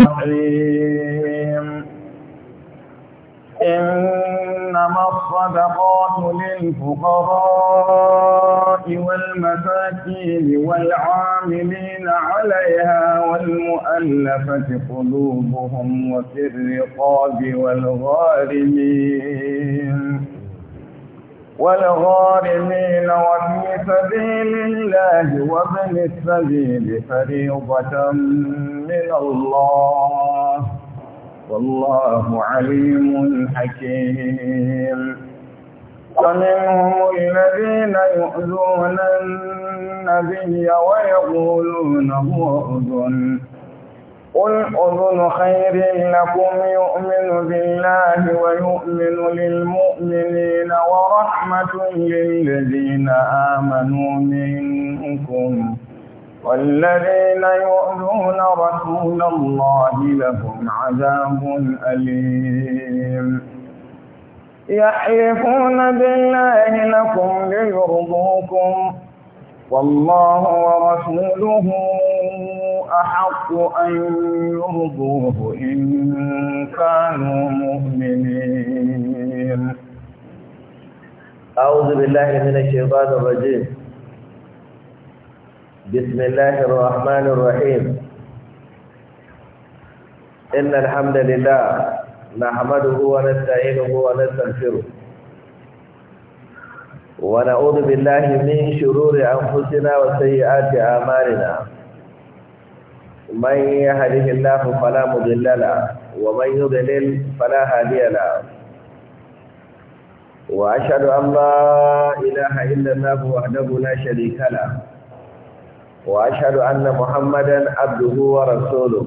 عظيم إنما الصدقات للفقراء والمساكين والعاملين عليها والمؤلفة قلوبهم وفي الرقاب والغارمين والغارمين وفي سبيل الله وابن السبيل فريضة من الله والله عليم حكيم ومنهم الذين يؤذون النبي ويقولون هو أذن قل أذن خير لكم يؤمن بالله ويؤمن للمؤمنين ورحمة للذين آمنوا منكم والذين يؤذون رسول الله لهم عذاب أليم يحلفون بالله لكم ليرضوكم والله ورسوله أحق أن يرضوه إن كانوا مؤمنين أعوذ بالله من الشيطان الرجيم بسم الله الرحمن الرحيم إن الحمد لله نحمده ونستعينه ونستغفره ونعوذ بالله من شرور أنفسنا وسيئات أعمالنا من يهده الله فلا مضل ومن يضلل فلا هادي له وأشهد أن لا إله إلا الله وحده لا شريك له وأشهد أن محمدا عبده ورسوله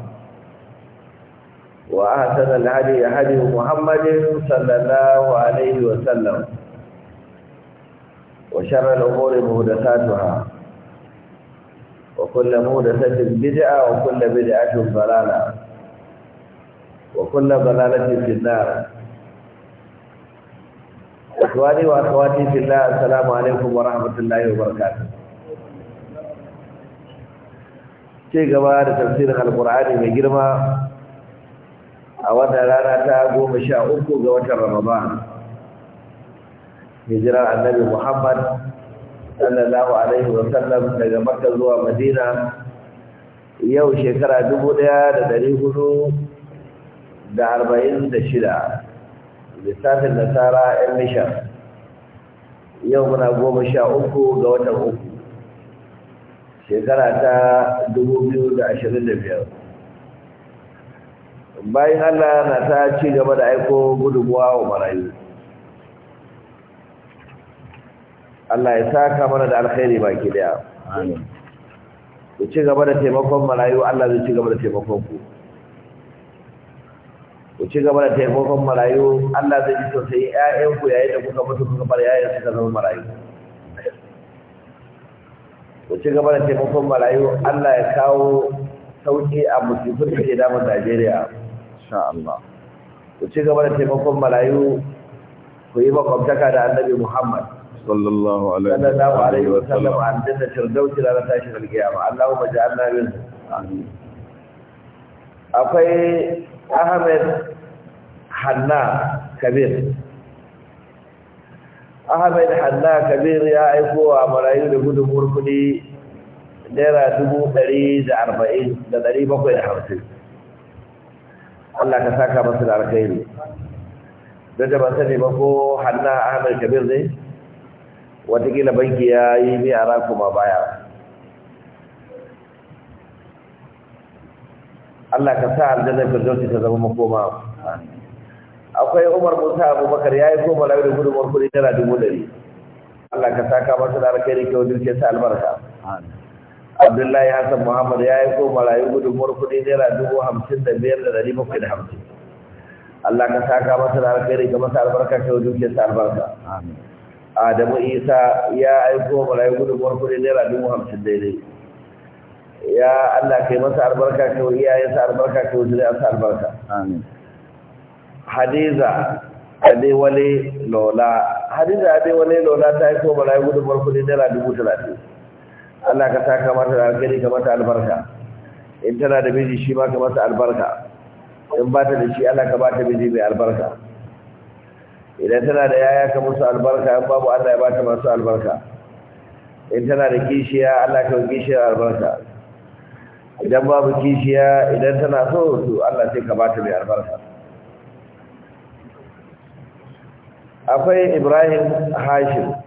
وأحسن الهدي هدي محمد صلى الله عليه وسلم وشر الأمور مهدساتها وكل مهدسة بدعة وكل بدعة ضلالة وكل ضلالة في النار إخواني وأخواتي في الله السلام عليكم ورحمة الله وبركاته شيء قبار تفسير القرآن من جرمه a wannan rana ta goma sha uku ga watan Ramadan hijirar annabi Muhammad sallallahu alaihi wa sallam daga Makka zuwa Madina yau shekara dubu ɗaya da dari hudu da arba'in da shida lissafin nasara yan mishan yau muna goma sha uku ga watan uku shekara ta dubu biyu da ashirin da biyar bayan Allah na ta ci gaba da aiko gudunmuwa wa marayu Allah ya saka mana da alkhairi baki daya amin ku ci gaba da taimakon marayu Allah zai ci gaba da taimakon ku ku ci gaba da taimakon marayu Allah zai ji sosai ƴaƴan ku yayin da kuka mutu kuka bar ƴaƴan suka zama marayu ku ci gaba da taimakon marayu Allah ya kawo sauki a musibin da ke damun Najeriya insha Allah ku ci gaba da taimakon malayu ku yi makwabtaka da annabi Muhammad sallallahu alaihi wa sallam an dinda firdausi da tashin alkiyama Allahumma ja'alna min amin akwai Ahmed Hanna Kabir Ahmed Hanna Kabir ya aiko a marayu da gudunmuwar kuɗi naira dubu ɗari da arba'in da ɗari bakwai da hamsin Allah ka saka masu da alkhairi da da ban sani ba ko hanna ahmed kabir ne watakila banki ya yi a ara kuma baya Allah ka sa aljanna firdausi ta zama makoma akwai umar musa abubakar ya yi koma lawi da gudunmar kudi tara dubu ɗari Allah ka saka masu da alkhairi kyau ke sa albarka amin abdullahi hassan muhammad ya yi ko marayu gudunmuwar kuɗi naira dubu hamsin da biyar da ɗari bakwai da hamsin allah ka saka masa da alkhairi ka masa albarka ta wajen ke sa albarka adamu isa ya yi aiko marayu gudunmuwar kuɗi naira dubu hamsin daidai ya allah kai masa albarka ka wa sa albarka ta wajen sa albarka hadiza adewale lola hadiza adewale lola ta yi aiko marayu gudunmuwar kuɗi naira dubu talatin Allah ka saka mata da alkhairi ka mata albarka in tana da miji shi ma ka mata albarka in ba ta da shi Allah ka ba ta miji mai albarka idan tana da yaya ka musu albarka in babu Allah ya ba ta masu albarka in tana da kishiya Allah ka kishiya albarka idan babu kishiya idan tana so to Allah sai ka ba ta mai albarka akwai Ibrahim Hashim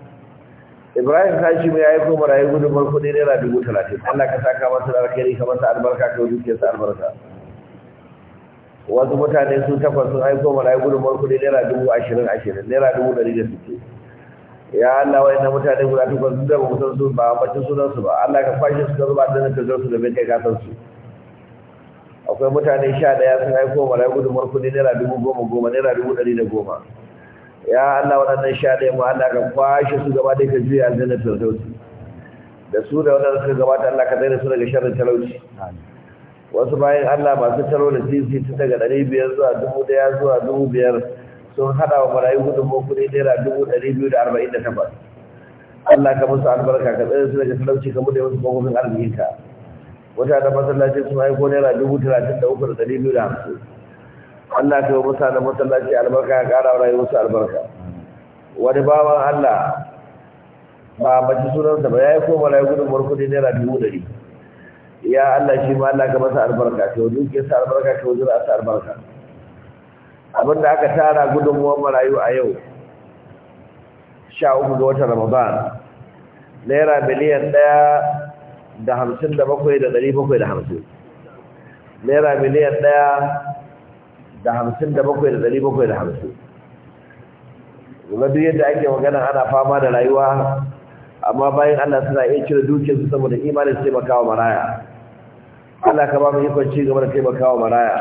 Ibrahim Hashim ya aiko gudun gudunmar ne naira dubu talatin. Allah ka saka masa da alkhairi ka masa albarka ka wuce sa albarka. Wasu mutane sun takwas sun aiko gudun gudunmar ne naira dubu ashirin ashirin naira dubu ɗari da sittin. Ya Allah wa ina mutane guda takwas sun da ba su ba bacin sunan su ba. Allah ka fashe su ka zuba a ka zo su da bai kai kasar su. Akwai mutane sha ɗaya sun aiko gudun gudunmar ne naira dubu goma goma naira dubu ɗari da goma. ya Allah waɗannan sha ɗaya mu Allah ka kwashe su gaba da ka juya aljanna firdausi da su da wannan suka gabata Allah ka tsare su daga sharrin talauci wasu bayan Allah masu taro da sisi ta daga ɗari biyar zuwa dubu ɗaya zuwa dubu biyar sun haɗa wa marayu gudun kuɗi naira dubu ɗari biyu da arba'in da takwas Allah ka musu albarka ka tsare su daga talauci ka buɗe musu kofofin arzikinka wata da masallaci sun aiko naira dubu talatin da uku da ɗari biyu da hamsin Allah ka yi musa da masallaci albarka ya kara wa musu albarka wani bawan Allah ba mace sunansa ba ya yi koma rayu gudun murkudi naira dubu ɗari ya Allah shi ma Allah ka masa albarka to ke sa albarka ka wajen sa albarka abinda aka tara gudun gudunmuwar marayu a yau sha uku ga watan Ramadan naira miliyan ɗaya da hamsin da bakwai da ɗari bakwai da hamsin naira miliyan ɗaya da hamsin da bakwai da dari bakwai da hamsin kuma yadda ake magana ana fama da rayuwa amma bayan Allah suna iya cire dukiyarsu saboda imanin taimaka wa maraya Allah ka ba mu ikon ci gaba da wa maraya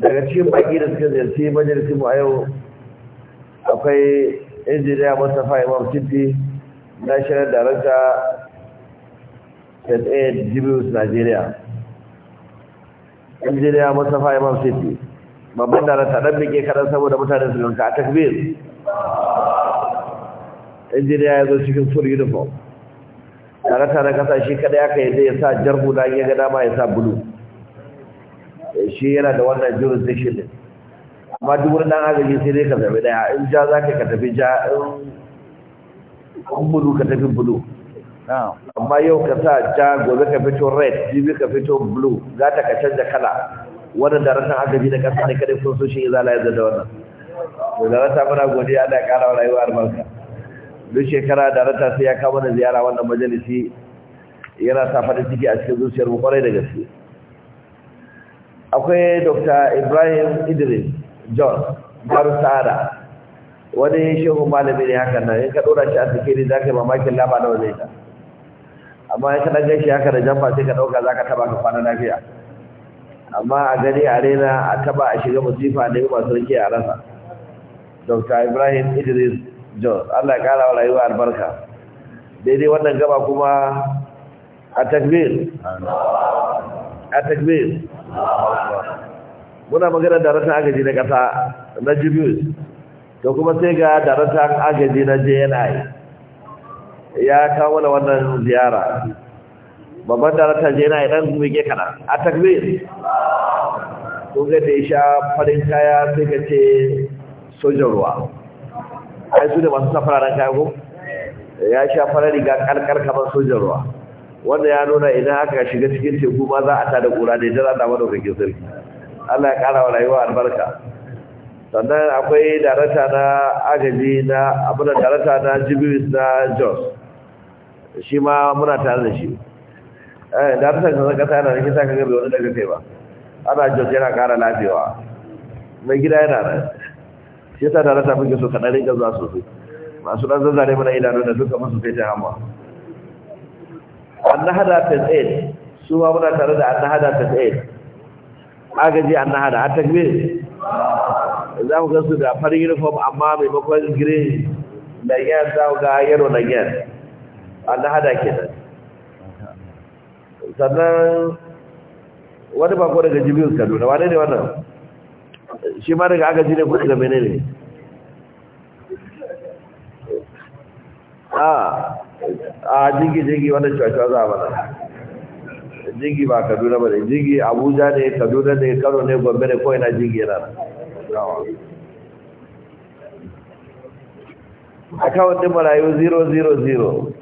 daga cikin baki da suka ziyarci majalisin mu a yau akwai injiniya Mustapha Imam Siddi National Director 10 a Jibius Nigeria injiniya mustapha imam city babban ta dan bike kadan saboda mutane su ganka a takbir injiniya ya zo cikin full uniform darata na kasa shi kada aka yi ya sa jarbu da ya ga dama ya sa bulu eh, shi yana da wannan jurisdiction din amma duk wani dan agaji sai dai ka zabi daya in ja za ka tafi ja in bulu ka tafi bulu amma yau ka sa ja gobe ka fito red jibi ka fito blue za ta ka canza kala wannan da rasan agaji da kasa ne kada sun so shi la yadda da wannan to da rata muna godiya Allah ƙara wa rayuwa albarka duk shekara da rata sai ya kawo mana ziyara wannan majalisi yana sa farin ciki a cikin zuciyar mu kwarai da gaske akwai dr ibrahim idris john garu wani shehu malami ne hakan nan in ka dora shi a sikiri za ka yi mamakin laba na wajen amma ya kaɗan gashi haka da jamfa sai ka dauka zaka ka taɓa ka kwana lafiya amma a gani a rena a taɓa a shiga musifa da yi masu rike a rasa dr ibrahim idris jos allah ya kara wa rayuwa albarka daidai wannan gaba kuma a takbir a takbir muna magana da rasa agaji na kasa na jibius to kuma sai ga da rasa agaji na jni ya kawo mana wannan ziyara babban darakta je na idan muke kana a takbir kun ga da isha sha farin kaya sai ka ce sojan ruwa ai su da masu safara na kaya ko ya sha farin riga karkar kamar sojan ruwa wanda ya nuna idan aka shiga cikin teku ma za a ta da kura da jira da madaukakin sarki Allah ya kara wa rayuwa albarka sannan akwai darata na agaji na abin da darata na jibis na jos shi ma muna tare da shi eh da ta san kasa yana da kisa kaga bai wani daga kai ba ana jos yana kara lafiyawa mai gida yana nan shi ta da rasa fuke so ka dare ga zuwa sosai masu dan zazzare mana idanu da duka masu kai ta hama annahada 8, su ma muna tare da annahada 8. agaji annahada a takbir za mu ga su da farin uniform amma maimakon gire da yan za ga yaro na yan alhada kenan sannan wani bako daga jibril kaduna wane ne wannan shi ma daga agaji ne kuɗi da mene ne a jingi jingi wannan shashuwa za a mana jingi ba kaduna ba ne jingi abuja ne kaduna ne kano ne gombe ne ko ina jingi yana akawun ɗin marayu 000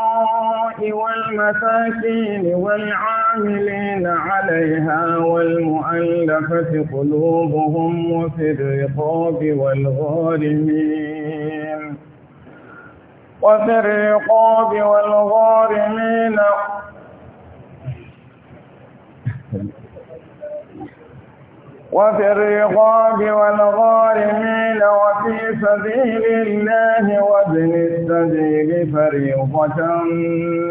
والمساكين والعاملين عليها والمؤلفة قلوبهم وفي الرقاب والغارمين وفي الرقاب والغارمين وفي الرقاب والغارمين وفي سبيل الله وابن السبيل فريقة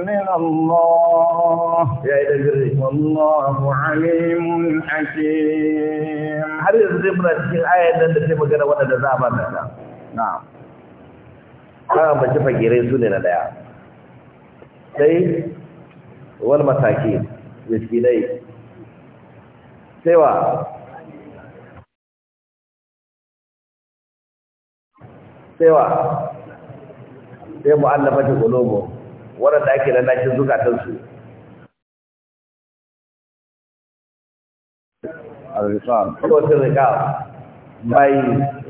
من الله يا والله عليم حكيم هل يزرقنا في الآية التي مجرى وانا نزابا نعم ana bace fakirai su ne na daya sai wal mataki miskinai sai wa sai wa sai mu'allafati qulubu waɗanda ake lalacin zukatansu al-risal ko sirrika bai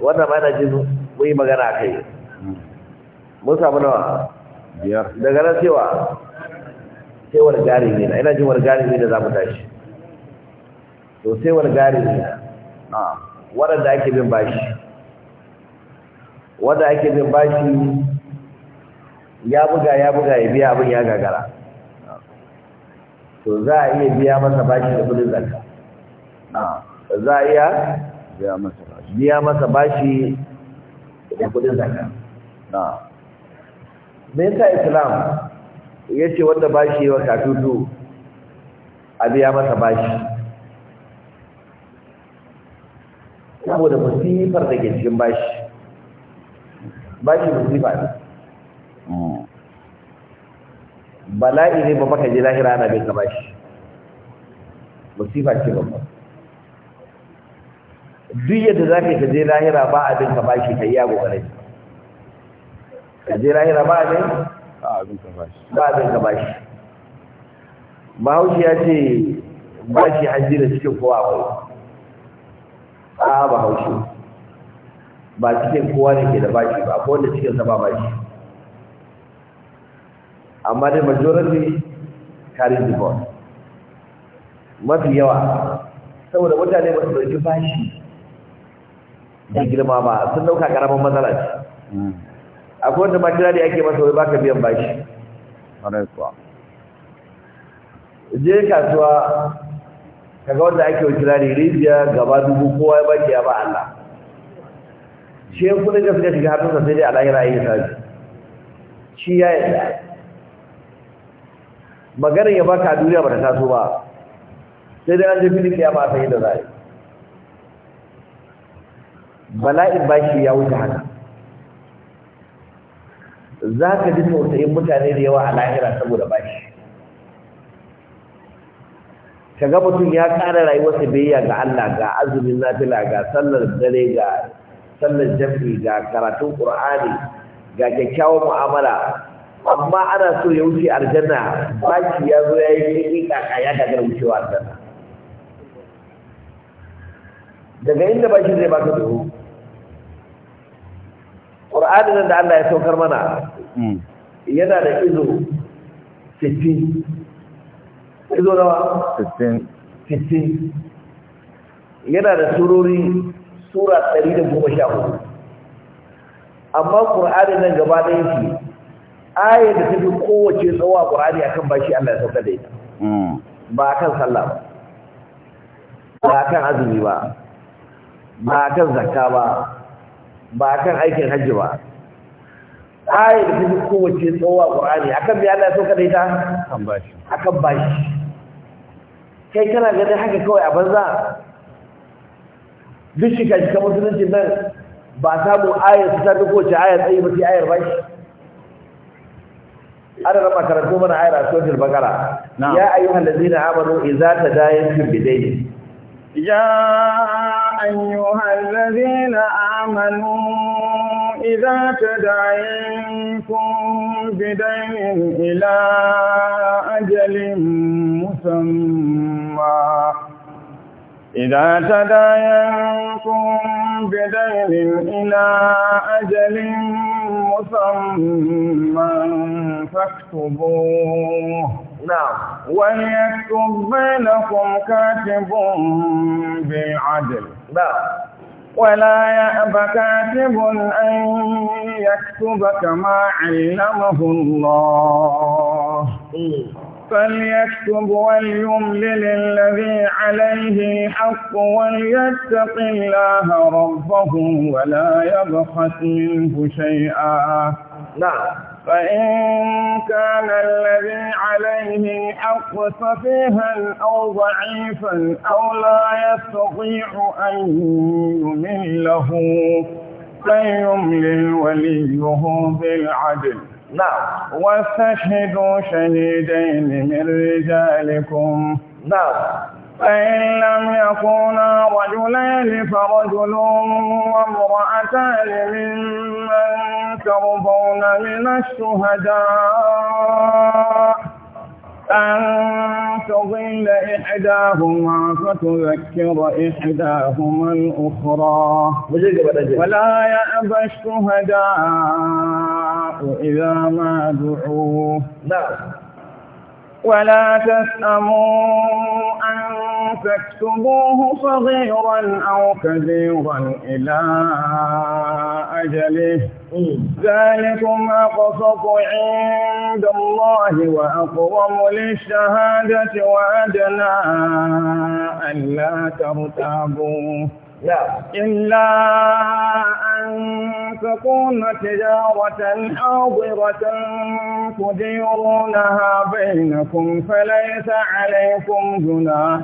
wannan ma yana jin muyi magana a kai Musa samu nawa daga nan cewa sai wani gari ne na ina jin wargari ne da za mu tashi to sai wani gari ne na waɗanda ake bin bashi wanda ake bin bashi ya buga ya buga ya biya abin ya gagara to za a iya biya masa bashi da kudin zakka za a iya biya masa bashi da kudin zakka me yasa islam ya ce wanda bashi wa katutu a biya masa bashi saboda musifar da ke cikin bashi ba shi sifa ne bala'i ne babba ka ji lahira ana bin ka ba shi ce babba duk yadda za ka je lahira ba a bin ka bashi shi ka yi yago kare ka je lahira ba a bin ba a bin ka ba shi ya ce ba shi hajji da cikin kowa akwai a ba ba cikin kowa ne ke da bashi ba ko wanda cikin sa ba bashi amma dai majority carry the ball mafi yawa saboda mutane ba su dauki bashi da girma ba sun dauka karamin matsala ce hmm. akwai wanda makira da yake masa wai baka biyan bashi je kasuwa kaga wanda ake wa kirari rijiya gaba dubu kowa ya baki ya ba Allah shi yan kudin da suka shiga hannunsa sai dai a lahira yi sabi shi ya yi maganin ya baka duniya ba ta taso ba sai dai an ji filin ya ba sai da zai bala'in bashi ya wuce haka za ka ji tausayin mutane da yawa a lahira saboda bashi ka ga mutum ya ƙara rayuwarsa biyayya ga Allah ga azumin nafila ga sallar dare ga sallar jam'i ga karatun qur'ani ga kyakkyawar mu'amala amma ana so ya wuce aljanna baki ya zo ya yi kaka ya gagara wucewa aljanna daga inda baki zai baka duhu ƙur'ani nan da Allah ya saukar mana hmm. yana da izo sittin. izo nawa 60 yana da surori sura 114 amma ƙur'ani nan gaba da yake, ayar da tafi kowace tsawo a qur'ani akan bashi Allah ya sauka da ita hmm. ba a kan sallah ba ba kan azumi ba ba a kan zakka ba ba a kan aikin hajji ba ayar da tafi kowace tsawo a akan bi Allah ya sauka da ita akan bashi akan bashi kai kana ganin haka kawai a banza duk shi kashi musulunci nan ba samu ayar su ta duko ce ayar tsaye ba sai ayar ba shi ana raba karatu mana ayar a sojin bakara ya ayyuhan da zina amanu iza ta dayan ne. Ya fin bidai يا أيها الذين آمنوا إذا تداينتم بدين إلى أجل مسمى إذا تداينتم بدين إلى أجل مسمى فاكتبوه نعم وليكتب بينكم كاتب بالعدل نعم ولا يأب كاتب أن يكتب كما علمه الله فليكتب وليملل الذي عليه الحق وليتق الله ربه ولا يبخس منه شيئا نعم فإن كان الذي عليه الحق صفيها أو ضعيفا أو لا يستطيع أن يمله فليملل وليه بالعدل نعم واستشهدوا شهيدين من رجالكم نعم فإن لم يكونا رجلين فرجل وامرأتان ممن ترضون من الشهداء أن تضل إحداهما فتذكر إحداهما الأخرى ولا يأبى الشهداء إذا ما دعوه نعم. ولا تسأموا أن تكتبوه صغيرا أو كبيرا إلى أجله ذلكم أقسط عند الله وأقوم للشهادة وأدنى ألا ترتابوا نعم إلا أن تكون تجارة حاضرة تديرونها بينكم فليس عليكم جناح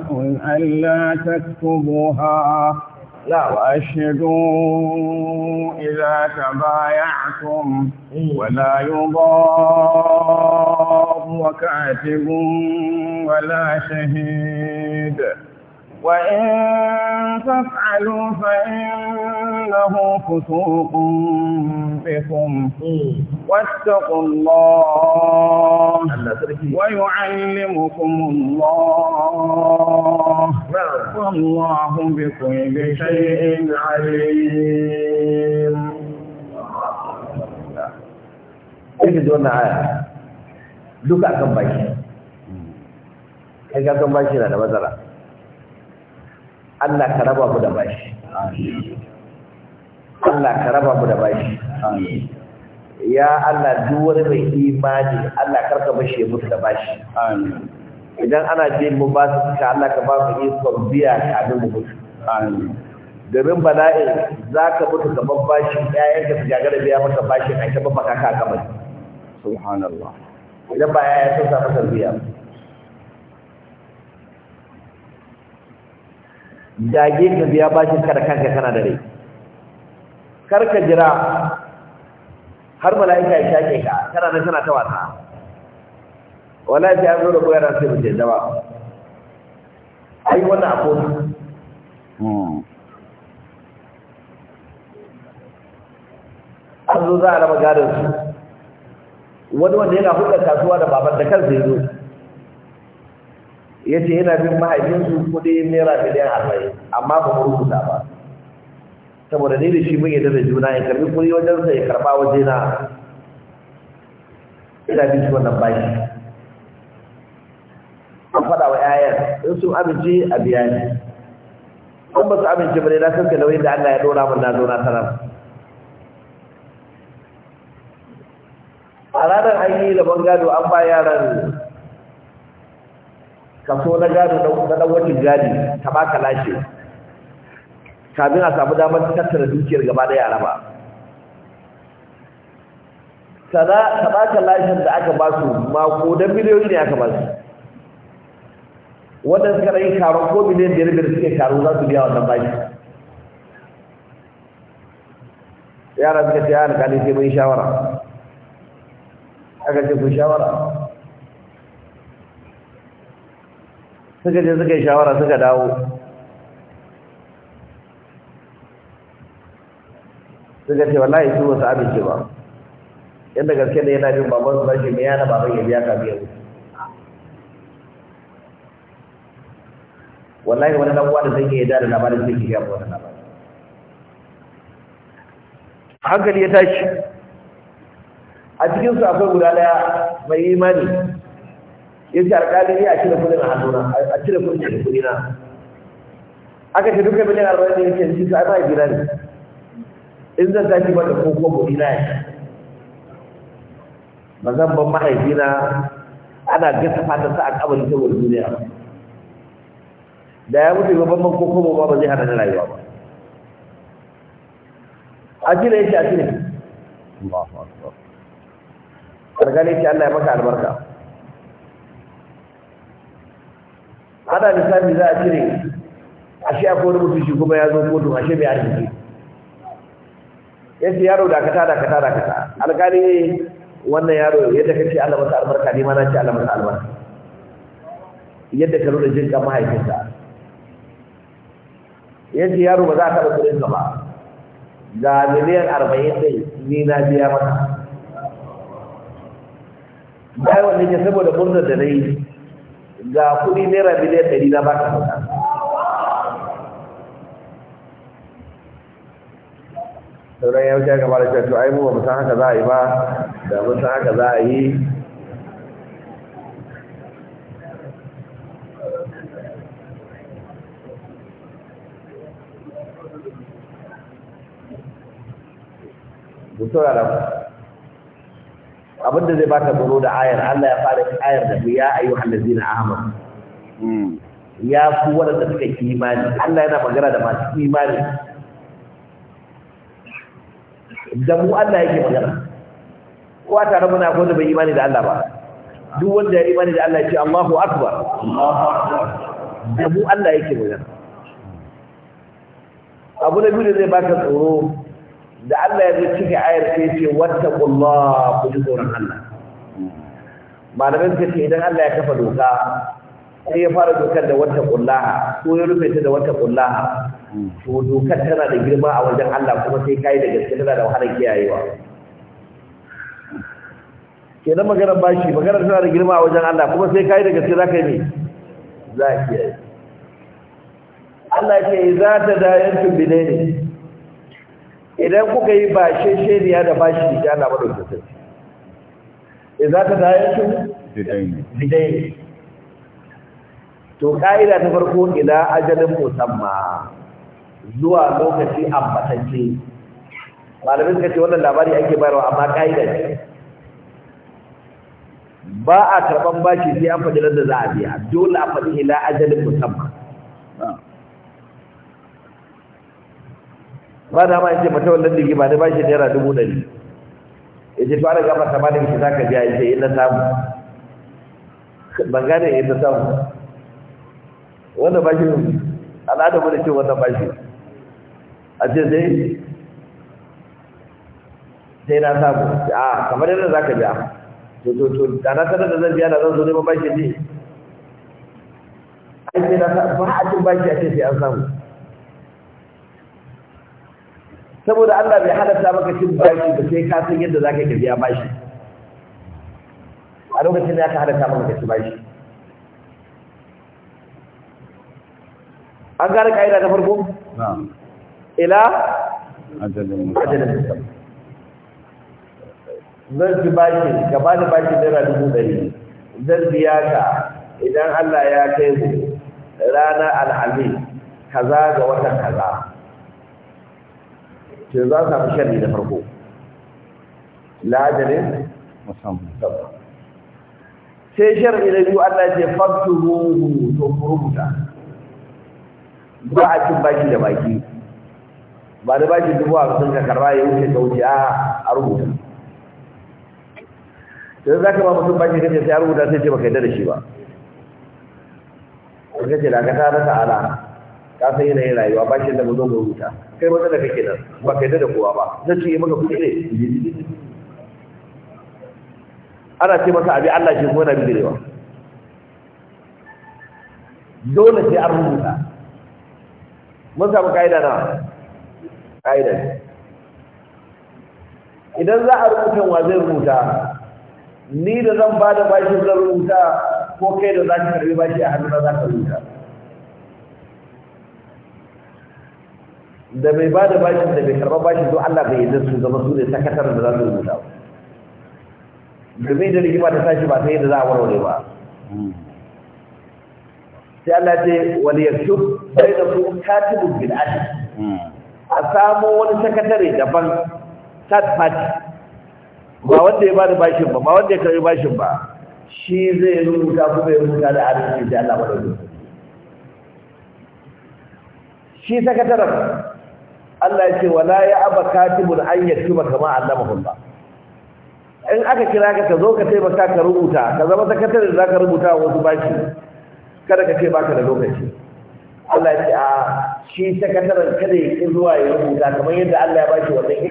ألا تكتبوها لا نعم. وأشهدوا إذا تبايعتم إيه. ولا يضار وكاتب ولا شهيد وإن تفعلوا فإنه فسوق بكم واتقوا الله ويعلمكم الله نعم. والله بكل شيء عليم Ini dua nak. Luka kembali. Hmm. Kaitan kembali sila ada masalah. Allah ka raba mu da bashi Allah ka raba mu da bashi ya Allah duk wani mai imani Allah karka bashi ya mutu da bashi idan ana jin mu ba su ka Allah ka ba mu ikon biya bi mu mutu domin bala'in za ka mutu kamar bashi ƴaƴan ka su gagara biya maka bashi a ta babbaka ka kamar subhanallah idan ba ya sun samu tarbiyya dage ka biya bashin ka da kanka kana da rai kar ka jira har mala'ika ya shaƙe ka kana nan kana ta wasa wallahi sai an zo da sai mu ce dawa ai wannan abu an zo za a raba gadon su wani wanda yana hulɗar kasuwa da baban da kansa ya zo ya ce yana bin mahaifinsu kudi naira miliyan arba'in amma ba mu rubuta ba saboda ne da shi mun yadda da juna ya karbi wajen sa ya karba wajena ina bin shi wannan bashi an faɗa wa 'ya'yan in sun amince a biya ni in ba su amince ba ne na sauke nauyin da Allah ya ɗora mun na zauna na sanar a ranar an yi da bangado an ba yaran kaso na gado na dan wacin gadi ta ka lashe Kamin a samu damar tattara dukiyar gaba da yara ba sana ba ka lashen da aka ba su mako da miliyoyi ne aka ba su wannan suka rage karo ko miliyan biyar biyar suke karo za su biya wannan baki yara suka ce ya alƙali sai mun shawara aka ce kun shawara suka je suka yi shawara suka dawo suka ce wallahi su wasu abinci ba yadda gaske da yana bin babban ba shi mai yana baban ya biya kafin yau wallahi wani dan wani da zai iya da labarin zai ki wani wannan labarin hankali ya tashi a cikinsu akwai guda daya mai imani ya ce alƙali ne a cire kudin a hannuna a cire kudin da kudi na aka ce duka miliyan arba'in da yake shi sai mai gina ne in zan tashi ba da ko ko kudi na ya ba zan ban mahaifina ana gasa fata sa a kabari saboda duniya da ya mutu babban man koko ba ba zai hana na rayuwa ba a cire yake a cire Allahu akbar ce Allah ya maka albarka ana misali za a cire ashe a wani mutum shi kuma ya zo kotu ashe mai arziki ya ce yaro kata da kata alkali ne wannan yaro yadda ka ce Allah albarka ne mana na ce alamarsa albarka yadda ka nuna jinka mahaifinka ya ce yaro ba za a taɓa kudin ba ga miliyan arba'in ɗin ni na biya maka bayan wannan ya saboda murnar da na yi ga kuɗi naira miliyan ɗari na baka baka sauran ya wuce gaba da cewa ai mu ba mu san haka za a yi ba da mun san haka za a yi Mutura da abinda zai baka tsoro da ayar Allah ya fara ayar da ya ayyuhal ladzina amanu hmm. ya ku wadanda suka yi imani Allah yana magana da masu imani da mu Allah yake magana ko a tare muna ko da bai imani da Allah ba duk wanda ya imani da Allah ya ce Allahu akbar da mu Allah yake magana abu na biyu da zai baka tsoro da Allah ya zai cika ayar sai ce wata ƙullah ku ji tsoron Allah Malamin ka ce idan Allah ya kafa doka sai ya fara dokar da wata ƙullaha ko ya rufe ta da wata ƙullaha to dokar tana da girma a wajen Allah kuma sai kayi da gaske tana da wahalar kiyayewa nan maganar bashi maganar tana da girma a wajen Allah kuma sai kayi da gaske za ka yi ne za a yi. Allah ke za ta dayantu ne. idan kuka yi bashe shiriya da bashi eh, da Allah sai sarki za ta dayatu bidaini bidaini to ka'ida ta farko ila ajalin musamma zuwa lokaci ambatacce malamin suka ce wannan labari ake bayarwa amma ka'ida ce ba a karban bashi sai an faɗi da za a biya dole a faɗi ila ajalin musamma ba da ma yace mata wannan digi ba da bashi naira dubu ɗari yace to ana gama ta ba da shi zaka biya yace in eh, na samu ban gane in na samu wannan bashi al'ada mu da ce wannan bashi a ce sai sai na samu a kamar yadda zaka biya to to to da na sanar da zan biya da zan zo neman bashi ne ai sai na samu ba a cin bashi a ce sai an samu saboda Allah bai halatta maka cin bashi ba sai ka san yadda zaka ka biya bashi a lokacin da aka halatta maka cin bashi an gane ka'ida ta farko ila ajalin musamman zan ci bashi gaba da bashi naira dubu dari. zan biya ka idan Allah ya kai rana alhamis kaza ga watan kaza to za ka fi shari da farko la'ajalin musamman sai shari da biyu Allah ce fakturuhu to rubuta ba a cin baki da baki ba da baki dubu a sun ka karba ya wuce ta wuce a rubuta sai za ka ba mutum baki kace sai a rubuta sai ce baka yadda da shi ba kace da ka rasa ala, ka san yanayin rayuwa bashi da mu zo mu rubuta kai matsala kake nan ba kai da kowa ba na ce eh, maka kuɗi ne ana ce masa abi Allah shi kuma na bidirewa dole sai an rubuta mun samu ka'ida na ka'ida ne idan za a rubuta wa zai rubuta ni da zan ba da bashin zan rubuta ko kai da za ka karbi bashi a hannu za ka rubuta da bai ba da bashin da bai karɓa bashin zo Allah bai yadda su zama su ne sakatar da za su rubuta ba domin da rigima ta tashi ba ta yadda za a warware ba sai Allah ce wani yaktub bai da su katibin bil adl a samo wani sakatare daban third party ba wanda ya ba da bashin ba ba wanda ya karɓi bashin ba shi zai rubuta kuma ya rubuta da arziki da Allah ba da shi sakataren Allah ya ce wala ya aba katibun an yatuba kama allamahullah in aka kira ka zo ka taimaka ka rubuta ka zama sakatare da zaka rubuta wa wasu baki kada ka ce baka da lokaci Allah ya ce a shi sakataren kada ya zuwa ya rubuta kamar yadda Allah ya baki wannan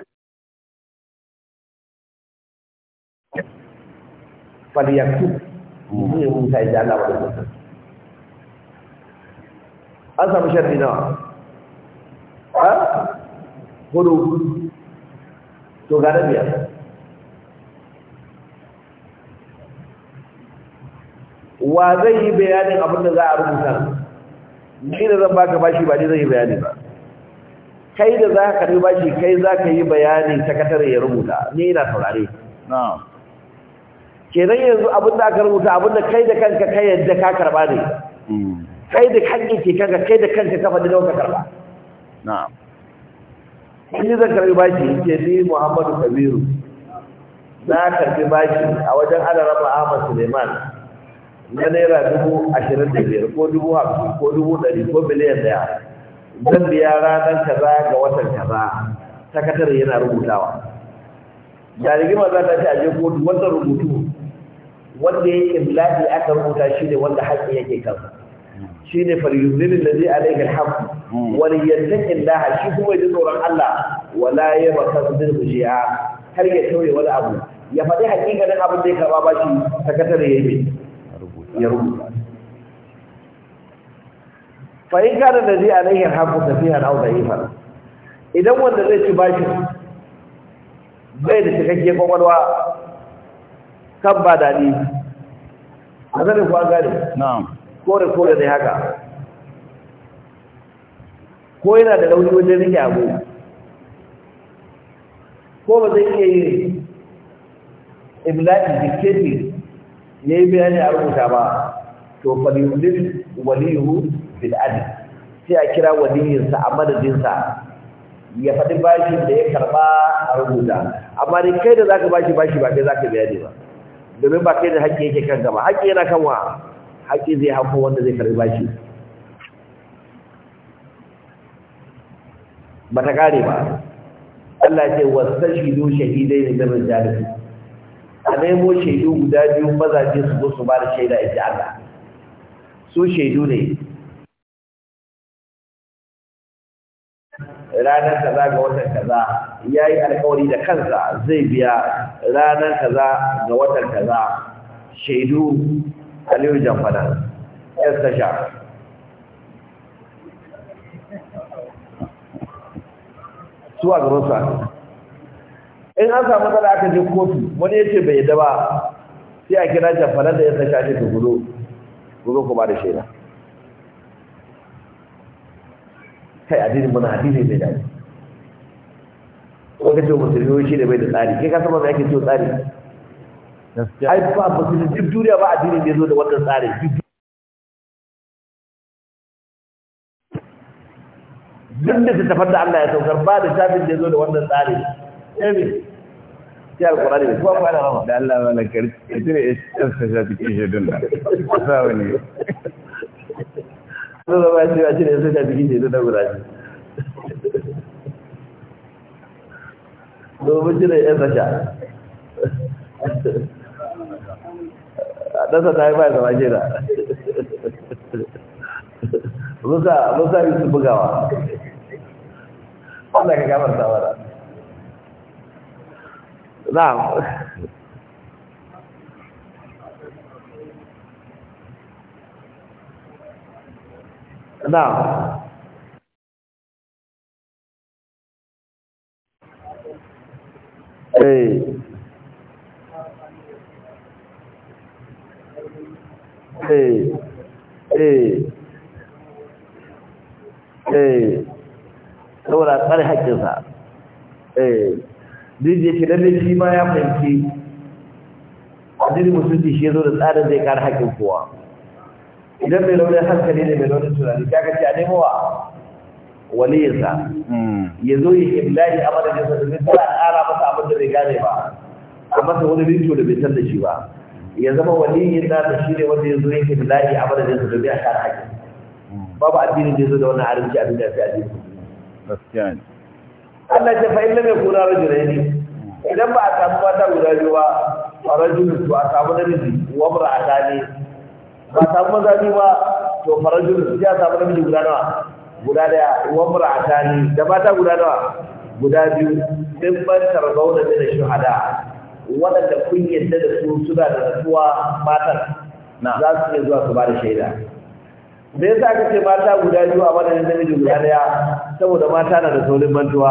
mu ne mun rubuta ya Allah wa da an samu sharri nawa hudu to ga biya wa zai yi bayanin abin da za a rubuta ni da zan baka bashi ba ne zai yi bayani ba kai da za ka yi bashi kai za ka yi bayani sakatare ya rubuta ni ina saurare kenan yanzu abin da aka rubuta abin da kai da kanka kai yadda ka karba ne mm. kai da kanki ke kanka kai da kanka kafa da ka karba na'am in yi zan karbi bashi ce ni muhammadu kabiru na karbi bashi a wajen raba ahmad suleiman na naira dubu ashirin da biyar ko dubu hamsin ko dubu ɗari ko miliyan ɗaya zan biya ranar kaza ga watan kaza sakatare yana rubutawa da za ta ce aje kotu wannan rubutu wanda ya yi imlaɗi aka rubuta shi ne wanda haƙƙi yake kansa shine falyuzlil ladhi alayhi alhaq wal yattaqi Allah shi kuma yi tsoron Allah wala ya yabqa bil bujiya har ya tauye wani abu ya faɗi hakikanin abin da ya karba ba shi yi yayi ya rubuta fa in kana da alayhi alhaq safihan aw da'ifa idan wanda zai ci bashi bai da cikakken kwakwalwa kan ba daɗi a ku kwa gane na'am kore kore ne haka ko yana da rauni wajen rike abu ko ba zai iya yin ibla'i dictating ya yi bayani a rubuta ba to faliyulis waliyu bil adi sai a kira waliyinsa a madadinsa ya faɗi bashin da ya karɓa a rubuta amma dai kai da zaka bashi bashi ba kai zaka bayani ba domin ba kai da haƙƙi yake kan gaba haƙƙi yana kan wa haƙi zai hako wanda zai karɓi bashi ba ta ƙare ba Allah ce wasu shidu shahidai ne zama jarabi a nemo shaidu guda biyu mazaje su zo su ba da shaida a Allah su shaidu ne ranar kaza ga watan kaza ya yi alkawari da kansa zai biya ranar kaza ga watan kaza shaidu aliyu jamfana yasta sha suwa a in an samu matsala aka je kofi, wani yake bai yadda ba sai a kira jamfana da yasta sha ce ta gudu guzo kuma da shaida kai addini muna hadini mai daɗi Wani ce musulmi shi da bai da tsari kai kasa ba mai ake ciwo tsari ai ba musulmi duk duniya ba addini ne zo da wannan tsari. duk da tafar da Allah ya saukar ba da shafin da ya zo da wannan tsarin ɗaya ya alkurari kuma ba da rama da Allah ba na karfi a cire ya tsarsa shafi kishe da sa wani sun zama ya cire a cire ya tsarsa shafi kishe dunna guda ce domin cire ya tsarsa ɗansa ta yi ba zama jira musa yi su bugawa wanda ka gamar samara Na. Na. eh eh eh eh saboda tsare haƙƙinsa eh dije ki lalle shi ma ya fahimci addinin musulunci shi ya zo da tsarin zai kare haƙƙin kuwa, idan mai launin hankali ne mai launin tunani kaga ce a nemo wa waliyinsa hmm. ya zo ya iblahi a madadinsa domin tana ƙara masa abin da bai gane ba a masa wani rinto da bai san da shi ba ya zama waliyin da shi ne wanda ya zo yake bila'i a madadin su domin a kare haƙƙi babu addini da zo da wannan arziki a duniya sai addini gaskiya ne Allah ya fa illa mai kura ne. idan ba a samu mata guda biyu ba a rajulun to a samu namiji wa a ne ba a samu maza biyu ba to fa rajulun sai a samu namiji guda nawa guda daya wa a ne da mata guda nawa guda biyu din ban tarbauna da shuhada waɗanda kun yadda da su suna da rasuwa matar za su iya zuwa su ba da shaida da yasa aka ce mata guda biyu a wannan namiji guda daya saboda mata na da saurin mantuwa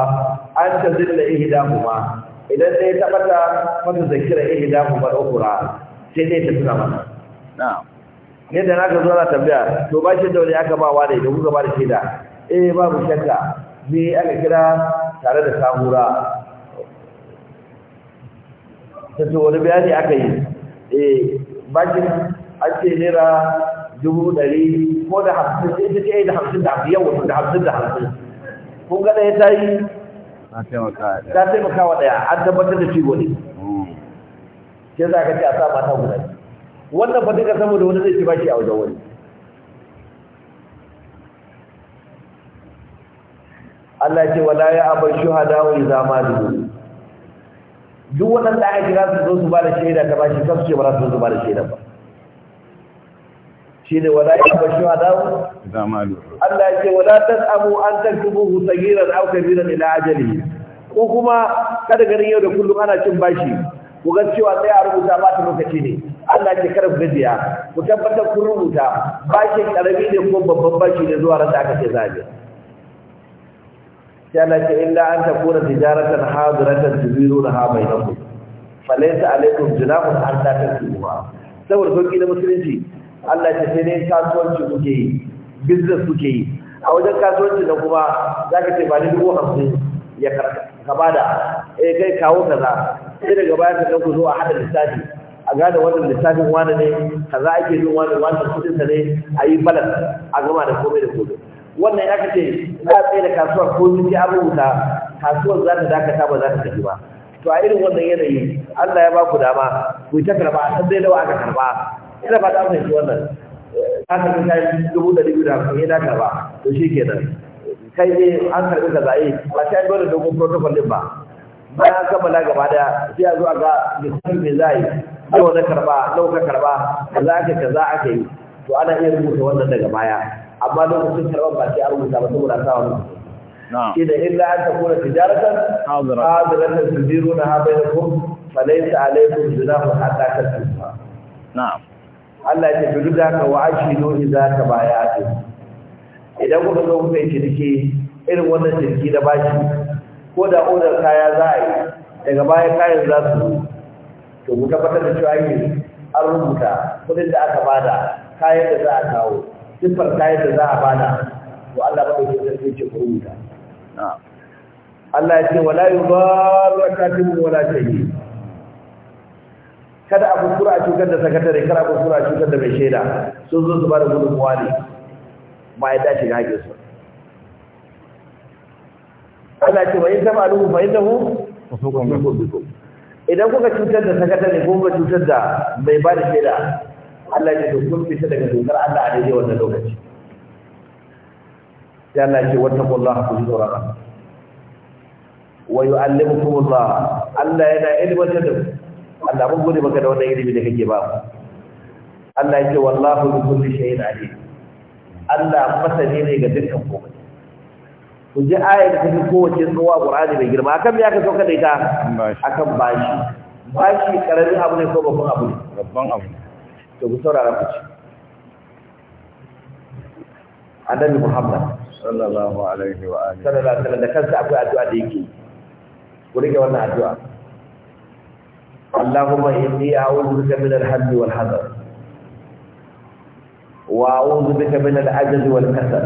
an ta zilla ihda kuma idan ɗaya ta ɓata wata zakira da kuma da ukura sai dai ta tuna mana yadda na ka zo na tambaya to ba shi da wani aka ba wani da kuka ba da shaida eh babu shakka me aka kira tare da samura ta ce wani bayani aka yi eh bakin an ce nera dubu ɗari ko da hamsin sai ta ce da hamsin da hamsin yawa da hamsin da hamsin kun gada ɗaya ta yi ta taimaka wa ɗaya an tabbatar da shi wani. Ke za ka ce a sa mata guda wannan fa duka saboda wani zai ci shi a wajen wani Allah ce wala ya abar shuhada wa idza ma dubu duk waɗanda aka kira su zo su ba da shaida ta ba shi kan ce ba za su zo su ba da shaida ba shi ne wala ya ba shuhada Allah ya ce wala tasamu an taktubuhu sagiran aw kabiran ila ajali ko kuma kada garin yau da kullum ana cin bashi ku ga cewa sai a rubuta ba ta lokaci ne Allah ya ce kar ku gajiya ku tabbatar ku rubuta bashi karami ne ko babban bashi ne zuwa ran da aka ce zabe sai Allah illa an takuna tijaratan hadiratan tubiruna ha bainakum falaysa alaykum junahun an ta tasuwa saboda sauki na musulunci Allah ce sai ne kasuwanci kuke yi business kuke yi a wajen kasuwanci da kuma zaka ce ba ni dubu hamsin ya karɓa da eh kai kawo kaza sai daga baya ka ku zo a hada lissafi a gane wannan lissafin wani ne kaza ake yin wani wani kudin sa ne a yi balas a gama da komai da komai wannan ya kace za a tsaye da kasuwar ko sun ji abubuwa rubuta kasuwar za ta dakata ba za ta tafi ba to a irin wannan yanayi Allah ya ba ku dama ku ta karba a san dai nawa aka karba ina ba ta shi wannan eh, ka karbi kayan dubu da dubu da eh, kuma yana karba to shi kenan kai ne an karbi ka zaɓe eh, ba ta yi dole dogon protocol din ba bayan kammala gaba daya sai a zo a ga lissafin me za a yi yau na karba nau ka karba kaza aka kaza aka yi to ana iya rubuta wannan daga baya amma su karban ba baki a rubuta ba saboda sa wani shi da illa an ta kuna tijaratan hadiran da su biro na ha bai da ku falaisa alaikum junahu hatta ta tsufa Allah ya ce duk da ka wa ashidu idza ta ce idan kuka zo kuka yi ciniki irin wannan ciniki da bashi ko da odar kaya za a yi daga baya kayan za su to ku tabbatar da cewa an rubuta kudin da aka bada kayan da za a kawo siffar yi da za a bada Wa Allah bai da zai ce ku rubuta Allah ya ce wala yudarra katibun wala yi kada a kuskura a cutar da sakatare kada a kuskura a cutar da mai shaida sun zo su ba da gudunmuwa ne ma ya dace ga hakinsu Allah ce wa yi sama alubu fa innahu idan kuka cutar da sakatare ko kuka cutar da mai ba da shaida Allah ya ce kun fita daga dokar Allah a daidai wannan lokaci sai Allah ya ce wattaqullaha ku tsoron Allah wa yu'allimukumullah Allah yana ilmantar da Allah mun gode maka da wannan ilimi da kake ba Allah ya ce wallahu bi kulli shay'in alim Allah masani ne ga dukkan komai ku ji ayar da take kowace tsowa Qur'ani mai girma akan ya aka sauka da ita akan bashi bashi karamin abu ne ko babban abu ne babban abu ne to ku saurara ku ci annabi muhammad sallallahu alaihi wa alihi sallallahu alaihi da kansa akwai addu'a da yake ku rike wannan addu'a اللهم إني أعوذ بك من الهم والحذر وأعوذ بك من العجز والكسل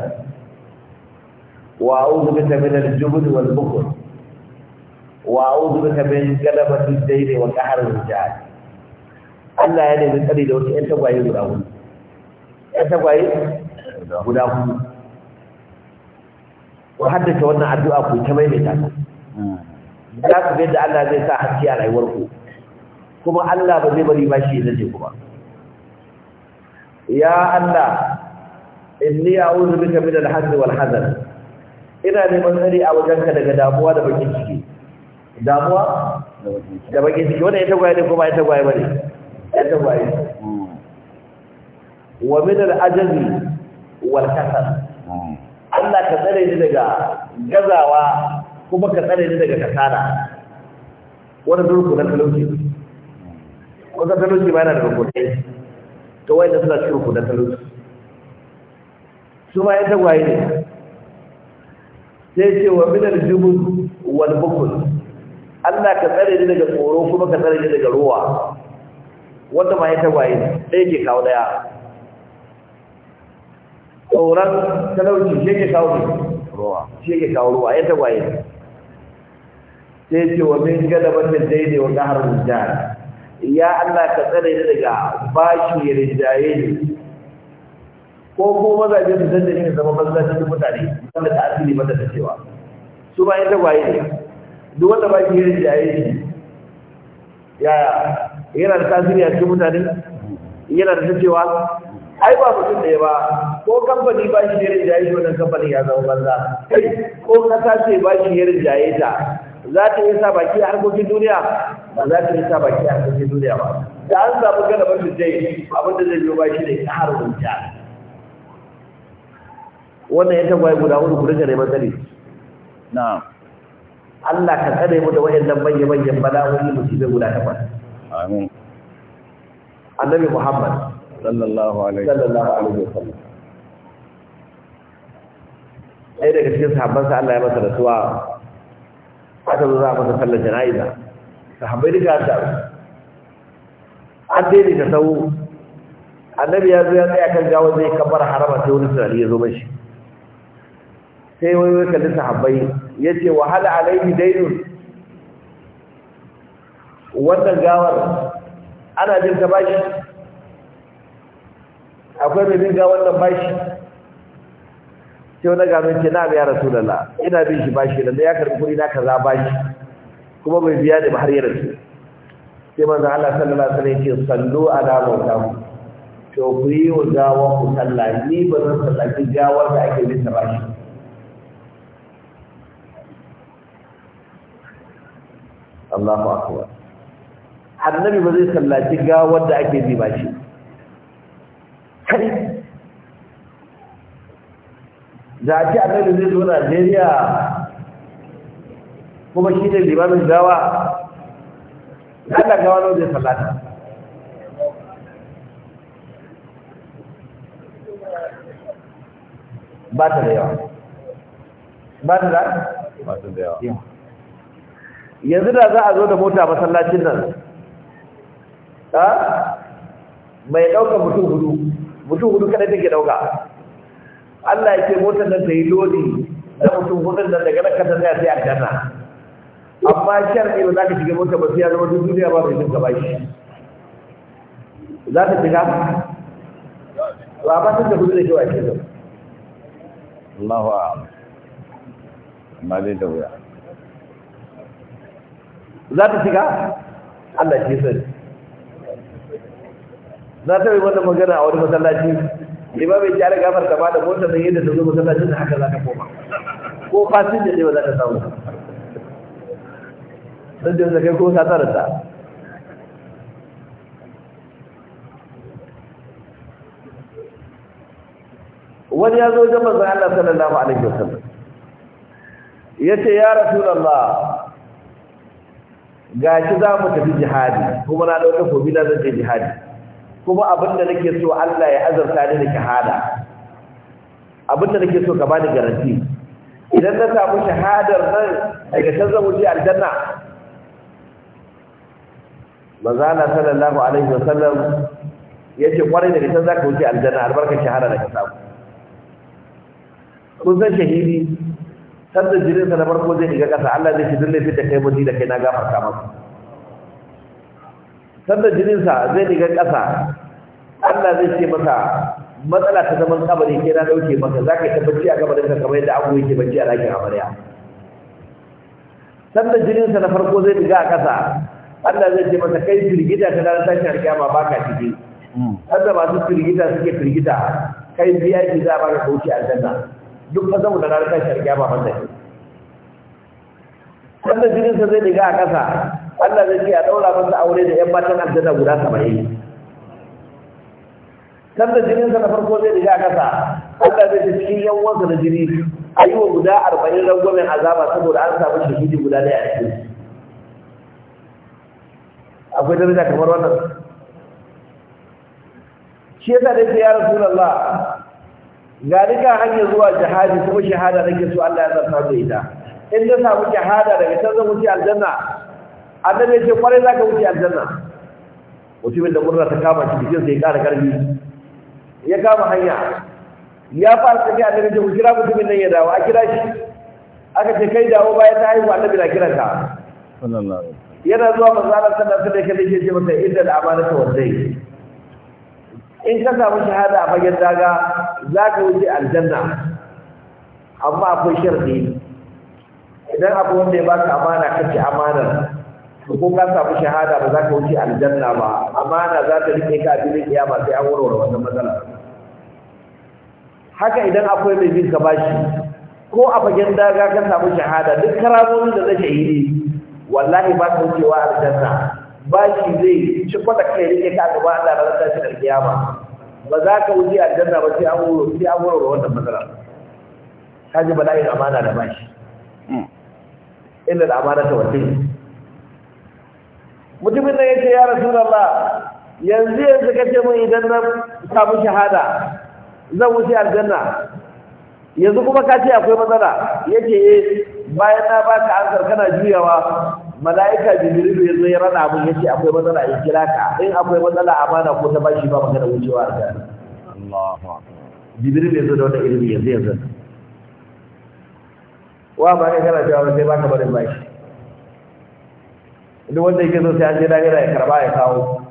وأعوذ بك من الجبن والبخل وأعوذ بك من غلبة الدين وقهر الرجال Allah ya nemi tsari da wasu 'yan tagwaye guda hudu 'yan tagwaye guda hudu ku haddace wannan addu'a ku ta maimaita ta za ku ga yadda Allah zai sa haske a rayuwarku kuma Allah ba zai bari ba shi ya zaje ku ba ya Allah inni wuzu bika min al-hazzi wal hazan ina neman tsari a wajenka daga damuwa da bakin ciki damuwa da bakin ciki wannan ita tagwaye ne kuma ita ba bane da tawaye wa min al-ajazi wal kasal Allah ka tsare ni daga gazawa kuma ka tsare ni daga kasala wannan durku na talauci wanda talauci ba yana da rukunai to wai da suna cikin rukunan talauci su ma ya tagwaye ne sai ce wa minar jubun wal bukul Allah ka tsare ni daga tsoro kuma ka tsare ni daga ruwa wanda ma ya tagwaye ɗaya ke kawo ɗaya tsoron talauci shi ke kawo ne ruwa shi ke kawo ruwa ya tagwaye sai ce wa min gada ta daidai wa ƙahar rijiyar ya Allah ka tsare ni daga bashi rijaye ne ko ko mazaje su san da ni zama masallacin mutane wanda ta asili mata ta cewa su ba ya tagwaye ne duk wanda ba shi rijaye ne yaya yana da tasiri a cikin mutane yana da cewa ai ba mutum da ya ba ko kamfani ba shi yarin jaye shi wannan kamfani ya zama banza ko kasa ce ba shi yarin jaye ta za ta yi sa baki a harkokin duniya ba za ta yi sa baki a harkokin duniya ba da an samu galabar da jai abin da zai biyo ba shi ne har wuta wannan ya tabbai guda hudu ku ga neman tsari na Allah ka tsare mu da wayannan manya-manyan bala'o'i musibai guda takwas amin annabi muhammad sallallahu alaihi wasallam ɗaya daga cikin sahabbansa Allah ya masa rasuwa aka zo za a masa sallar jana'iza sahabbai duka an taru an daidai ta sau annabi ya zo ya tsaya kan gawa zai kabar harama sai wani tunani ya zo mashi sai wani wai kalli sahabbai ya ce wahala alaihi dainun wannan gawar ana jin ta bashi akwai mai bin gawar nan bashi sai wani gamin ce na biya da ina bin shi bashi da ya karbi kuri na kaza bashi kuma bai biya da har yi rasu sai manzo Allah sallala alaihi wasallam ya a sallu damu, to ku yi wa gawar ku sallah ni ba zan sallaki gawar da ake bin ta bashi Allahu akbar annabi ba zai sallaci gawar da ake bi ba shi da ce annabi zai zo najeriya kuma shi ne limamin gawa Allah gawa zai sallata ba ta da yawa ba ta da? ba ta da yawa yanzu da za a zo da mota masallacin nan ha mai dauka mutum hudu mutum hudu kada take dauka Allah ya ce motar nan ta yi lodi da mutum hudun nan daga nan kasar ya sai aljanna amma ne ba za ka shiga motar ba sai ya zama duk duniya ba mai jin ka za ta shiga ba ba da tafi da kewa ke zama Allahu a'lam amma dai da wuya za ta shiga Allah ya sani na ta yi wannan magana a wani masallaci limamin ya riga farka ba da motar nan yadda zai zo masallacin da haka za ka koma ko fasinja ne ba za ka samu don da zakai ko ta tsara ta wani ya zo wajen manzon Allah sallallahu alaihi wasallam yace ya rasulullah gashi za mu tafi jihadi kuma na dauka kobi da zan je jihadi kuma abin da nake so Allah ya azurta ni da shahada abin da nake so ka bani garanti idan na samu shahadar nan daga ta zan wuce aljanna manzana sallallahu alaihi wasallam yace kwarai daga can zaka wuce aljanna albarkar shahada da ka samu kun san shahidi sanda jirin sa na farko zai shiga kasa Allah zai shirin laifin da kai mutu da kai na gafarta masa sanda jirin sa zai shiga kasa Allah zai ce maka matsala ta zaman kabari ke na dauke maka zaka yi tabbaci a kabarin ka kamar yadda abu yake bacci a dakin amarya sanda jinin sa na farko zai diga a kasa Allah zai ce maka kai firgita ta da tashin alkiyama baka ciki mm. sanda masu firgita suke firgita kai biyar ki za baka kauce aljanna duk fa zamu da tashi tashin alkiyama banda kai sanda jinin sa zai diga a kasa Allah zai ce a daura masa aure da yan matan aljanna guda 70 kan da jininsa na farko zai riga kasa Allah zai ce cikin yawansa da jini a yi wa guda arba'in rangwamen azaba saboda an samu shahidi guda ɗaya a cikin akwai daraja kamar wannan shi yasa da ya rasulullah ga dukkan hanyar zuwa jihadi kuma shahada nake so Allah ya zarta da ita in da samu shahada daga can zan wuce aljanna annabi ya ce kwarai zaka wuce aljanna mutumin da murna ta kama shi jikin sai ya kara karfi ya kama hanya ya fara tafiya a daga ku kira mutumin nan ya dawo a kira shi aka ce kai dawo bayan ta haihu annabi na kiran ta yana zuwa manzalar sannan sai kada ke ce masa inda da amana ta wadai in ka samu shahada a fagen daga za ka wuce aljanna amma akwai sharɗi idan abu wanda ya baka amana ka ci amanar to ko ka samu shahada ba za ka wuce aljanna ba amana za ta rike ka ya ba sai an warware wannan matsala haka idan akwai mai bin ka bashi ko a fagen daga ka samu shahada duk karamomin da yi ne wallahi ba ka wucewa aljanna bashi zai ci kwata kai rike ka gaba Allah ranar shi alkiyama ba za ka wuce aljanna ba sai an wuro sai an wuro wannan matsala kaji bala'in amana da bashi hmm. illa da amana ta wace mutumin da ce ya rasulullah yanzu yanzu ka ce mun idan na samu shahada zan wuce aljanna yanzu kuma ka ce akwai matsala ce eh bayan na ba ka ansar kana juyawa mala'ika jibrilu yanzu ya rada mun yace akwai matsala ya kira ka in akwai matsala amana ko ta bashi ba magana wucewa aljanna Allahu jibrilu yanzu da wannan ilimi yanzu yanzu wa ba ka kana jawabi sai ba ka barin bashi duk wanda yake zo sai an je lahira ya karba ya kawo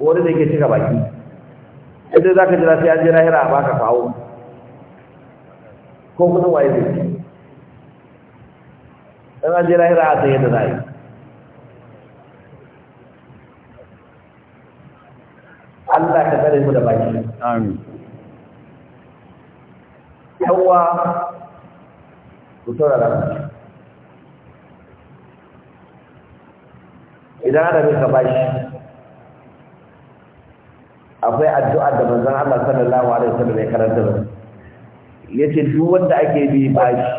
wani da yake cika baki idan za ka jira sai an je lahira a baka kawo ko kuma waye zai ci in an je lahira a sai yadda za yi Allah ka tsare mu da baki amin yawa ku saurara ku idan ana mai ka bashi akwai addu'a da manzon Allah sallallahu alaihi wasallam ya karanta ba yace duk wanda ake bi bashi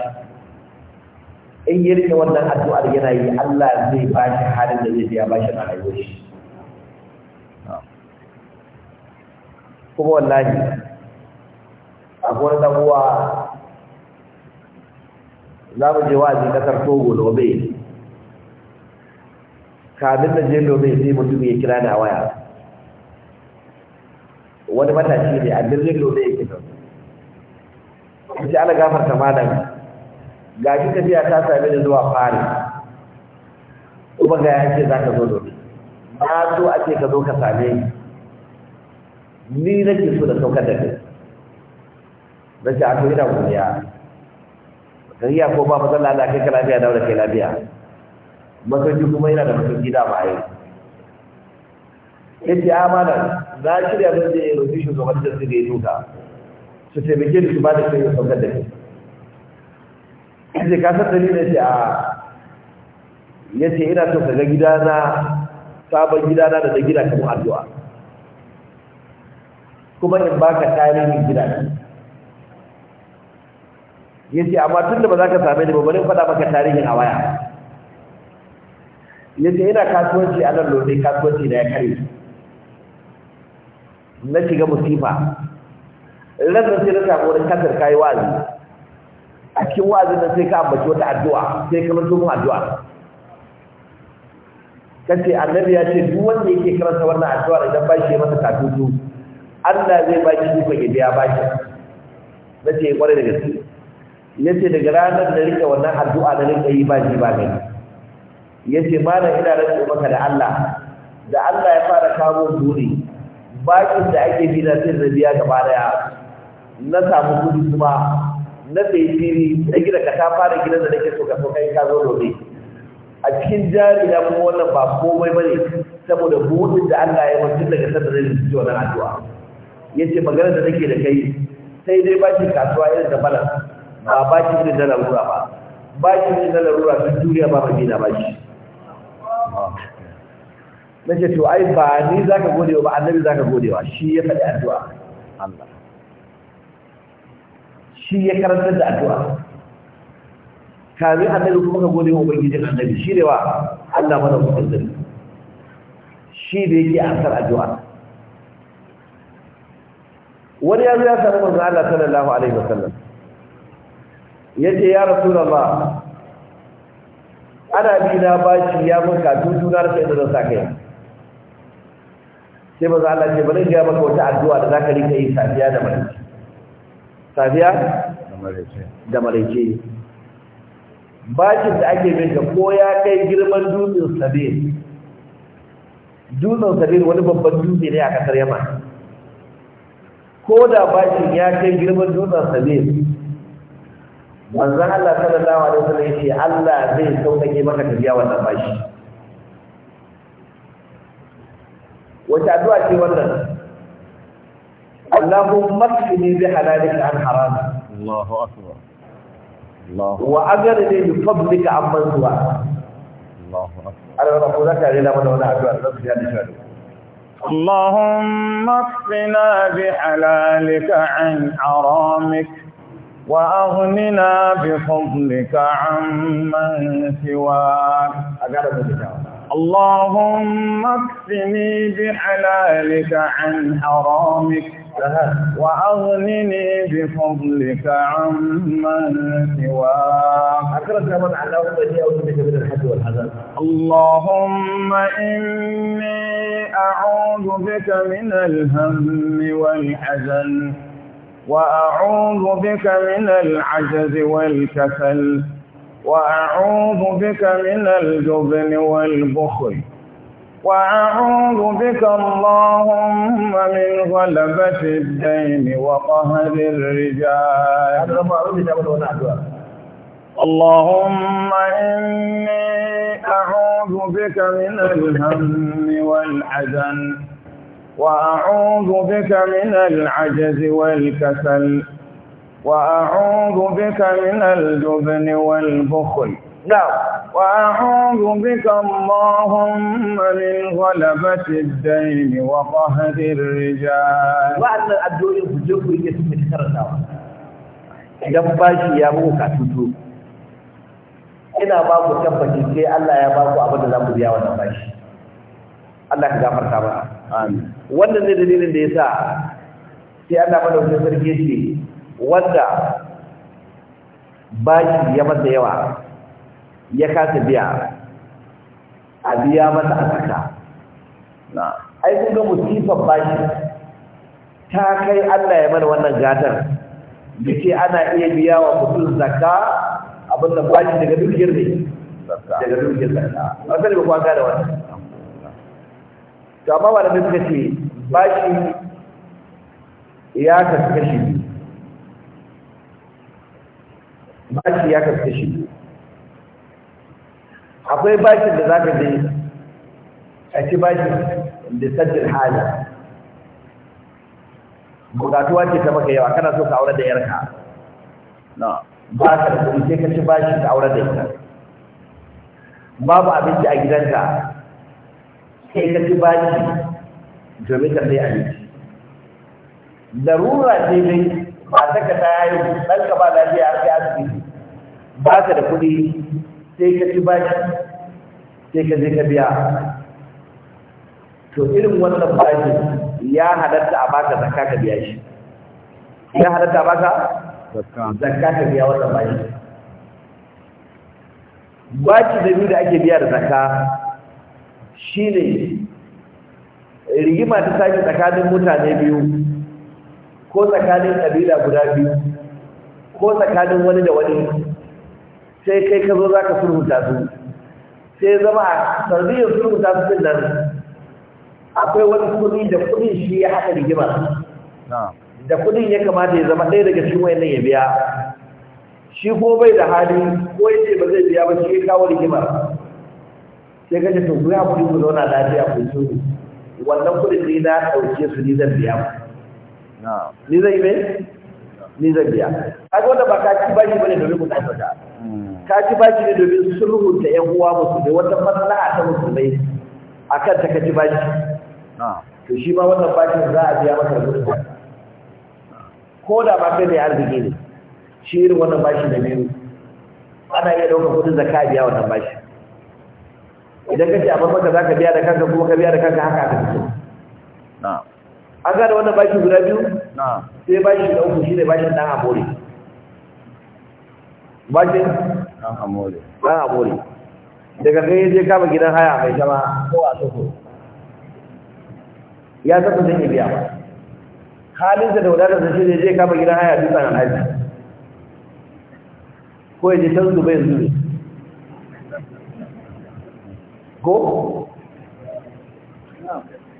in yi rike wannan addu'ar yana yi Allah zai bashi halin da zai biya bashi na rayuwar shi kuma wallahi akwai dan uwa za mu je wa'azi kasar Togo da Obe kamin na jelo mai sai mutum ya kira na waya wani matashi ne a birnin lobe ya kira ce ana gafarta malam ga shi tafiya ta sami da zuwa fari kuma ga ya ce za ka zo lobe na so a ce ka zo ka same ni nake so da saukar da kai na ce a to ina godiya gariya ko ba matsala na kai ka lafiya daura kai lafiya masauki kuma yana da masauki da ba yi yace amana ah, na shirya zan je roƙi shugaban da su ga duka su taimake ni su ba da kai ya saukar da ni yace ka san dalilin yace a ah. yace ina so ka ga na sabon gida da da gida kamar addu'a kuma in baka tarihin gidana yace amma tunda ba za ka same ni ba bari in faɗa maka tarihin a waya ya ce ina kasuwanci a nan lodai kasuwanci da ya kare na shiga musifa ranar sai na samu wani kasar kayi wazi a cikin wazi na sai ka ambaci wata addu'a sai ka manto mun addu'a kace annabi ya ce duk wanda yake karanta wannan addu'a idan ba shi masa katutu Allah zai ba shi duka ya ba shi nace kwarai da gaske Ya ce daga ranar da rike wannan addu'a na rike yi ba shi ba gani yace da ina rantsa maka da Allah da Allah ya fara kawo buri bakin da ake bi na sai rabiya gaba daya na samu kudi kuma na tiri da gida ka ta fara gidan da nake so ka so kai ka zo dole a cikin jari na kuma wannan ba komai bane saboda buɗin da Allah ya mutu daga sanda zai ji wannan addu'a yace magana da nake da kai sai dai baki kasuwa irin da balan ba baki ne da larura ba baki ne da larura duk duniya ba ba baki Na ce to ai ba ni zaka gode wa ba annabi zaka gode wa shi ya faɗi addu'a Allah shi ya karantar da addu'a kami annabi kuma ka gode wa ubangijin annabi shi ne wa Allah mana mutunta shi da yake ansar addu'a wani ya zo ya samu manzo Allah sallallahu alaihi wasallam ya ce ya rasu rasulullah ana bi na bashi ya mun kafin juna da sai da zan Sai kai sai maza Allah ce bari ga maka wata addu'a da zaka rika yi safiya da maraice safiya da maraice bashin da ake bin ka ko ya kai girman dutsen sabir dutsen sabir wani babban dutse ne a kasar yamma ko da bashin ya kai girman dutsen sabir manzo Allah sallallahu alaihi wasallam yace Allah zai sauƙaƙe maka tafiya wannan bashi wata addu'a ce wannan Allahumma kfini bi halalika an haram Allahu akbar Allah wa ajrini bi fadlika amman suwa Allahu akbar Allah rabu zaka rila mana wannan addu'a sai ya dace اللهم اكفنا بحلالك عن حرامك وأغننا بفضلك عمن سواك اللهم اكفني بحلالك عن حرامك وأغنني بفضلك عمن سواك اللهم إني أعوذ بك من الهم والحزن وأعوذ بك من العجز والكسل وأعوذ بك من الجبن والبخل وأعوذ بك اللهم من غلبة الدين وقهر الرجال اللهم إني أعوذ بك من الهم والحزن وأعوذ بك من العجز والكسل وأعوذ بك من الجبن والبخل نعم وأعوذ بك اللهم من غلبة الدين وقهر الرجال وأن الدول يفجوك يتم الكرنة idan bashi ya muku katutu ina ba ku tabbaci sai Allah ya ba ku abin da za ku biya wannan bashi Allah ka gafarta mana amin wannan ne dalilin da yasa sai Allah madaukakin sarki ce wanda baki ya masa yawa ya kasa biya a biya masa asaka na ai kun ga musifar baki ta kai Allah ya mana wannan gatar da ce ana iya biya wa mutum zaka abinda baki daga dukiyar ne daga dukiyar zaka ba sai ba kwaka da wannan to amma da suka ce bashi ya kasu shi bashi ya kasu kashi akwai bashin da za je a ci bashin da saddin hali bukatuwa ce ta maka yawa kana so ka aure da yarka ba ka da kuɗi sai ka ci bashi ka aure da yarka babu abinci a gidanka sai ka ji baki domin ka sai abinci larura ce dai ba ta ka ta yi ɗanka ba lafiya a sai asibiti ba ka da kuɗi sai ka ba baki sai ka je ka biya to irin wannan baki ya halatta a baka zakka ka biya shi ya halatta baka zakka ka biya wannan baki baki da biyu da ake biya da zakka shine rigima ta sake tsakanin mutane biyu ko tsakanin ɗabila guda biyu ko tsakanin wani da wani sai kai ka zo za ka sulhunta su sai zama a sardiyar sulhunta su din nan akwai wani kudi da kudin shi ya haka rigima da kudin ya kamata ya zama ɗaya daga cikin wayannan ya biya shi ko bai da hali ko yace ba zai biya ba shi ya kawo rigimar sai ka ce to ku ya kuɗi ku zauna lafiya ku ci ne wannan kuɗin ni na ɗauke su ni zan biya ni zan yi mai ni zan biya kaga wanda ba ka ci bashi bane domin ku ba. Hmm. ka ci bashi ne domin sulhunta ƴan uwa da wata maslaha ta musulmai kan ta ka ci bashi to shi ma wannan bashin za a biya masa gudun ko da ba kai mai arziki ne shi irin wannan bashi da biyu ana iya ɗaukar kudin zakka biya wannan bashi idan ka ce a maka za ka biya da kanka kuma ka biya da kanka haka aka fito an gada wannan baki guda biyu sai bashi da uku shi ne bashin dan amore bashin dan amore dan amore daga kai zai kama gidan haya mai shama ko a soko ya saka zai biya ba halinsa da wadatarsa shi ne zai kama gidan haya dutsen alhaji ko ya ta zube zubai zuri ko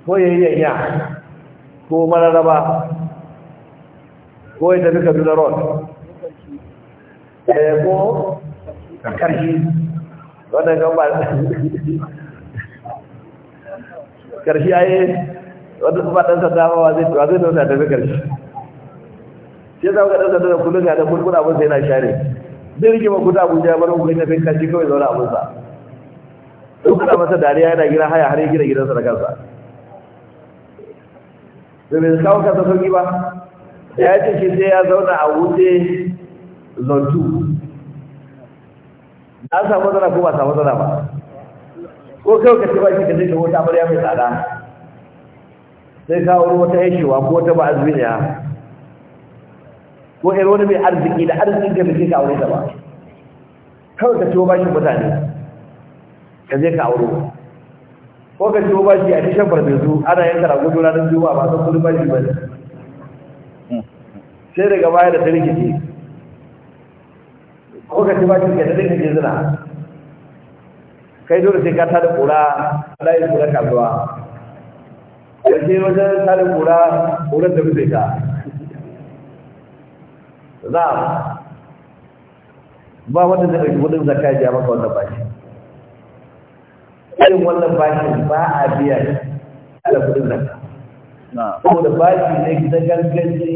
ko ya yi yanya ko mararaba ko ya tafi kaduna road eh ko karshi wannan gamba karshi aye wanda kuma ɗansa damawa zai tuwa zai da tafi karshi Sai da zama ɗansa da kullum ga da bulbul sai na share zai rike da abuja ya bar kai na fi karshi kawai zaune sa. in kuna masa dariya yana gina haya har yi gina gidansa da kansa da bai kawo kansa sauki ba ya ce shi sai ya zauna a wuce zontu Na samu zana ko ba samu zana ba ko kai ka ce ba shi ka zai wata amarya mai tsada sai kawo wata yashewa ko wata ba ya? ko irin wani mai arziki da arzikin da kake ka aure ta ba kawai ka ciwo shi mutane Kaje ka auro ko ka ba shi a cikin farfesu ana yanka karago juna don zuwa ba san kudin bashi ba ne sai daga baya da ta rikice ko ka ci shi ke da rikice zina kai dole sai ka tada kura yi kura kasuwa ƙarshe wajen tada kura kuran da bisa ka za ba wanda zai ɗauki wadin zakka ya maka ba bashi irin wannan bashin ba a biya shi, ala kudin zakka saboda bashi ne na ganganci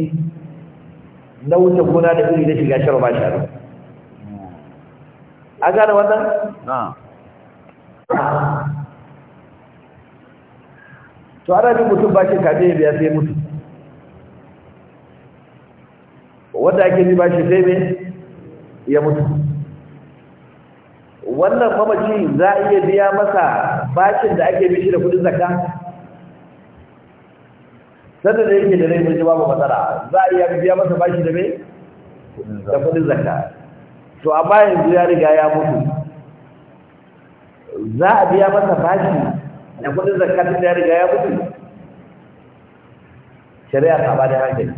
na wuce gona da iri da shiga shirin bashi a a gane wannan? to ana bin mutum bashin kafin ya biya sai mutu wanda ake bi bashi sai ne ya mutu wannan mamaci za a iya biya masa bashin da ake bishi da kudin zakka sannan da yake da rai mai jawabin babu matsala za a iya biya masa bashi da me da kudin zakka to amma yanzu ya riga ya mutu za a biya masa bashi da kudin zakka tun da ya riga ya mutu shari'a ta ba da hankali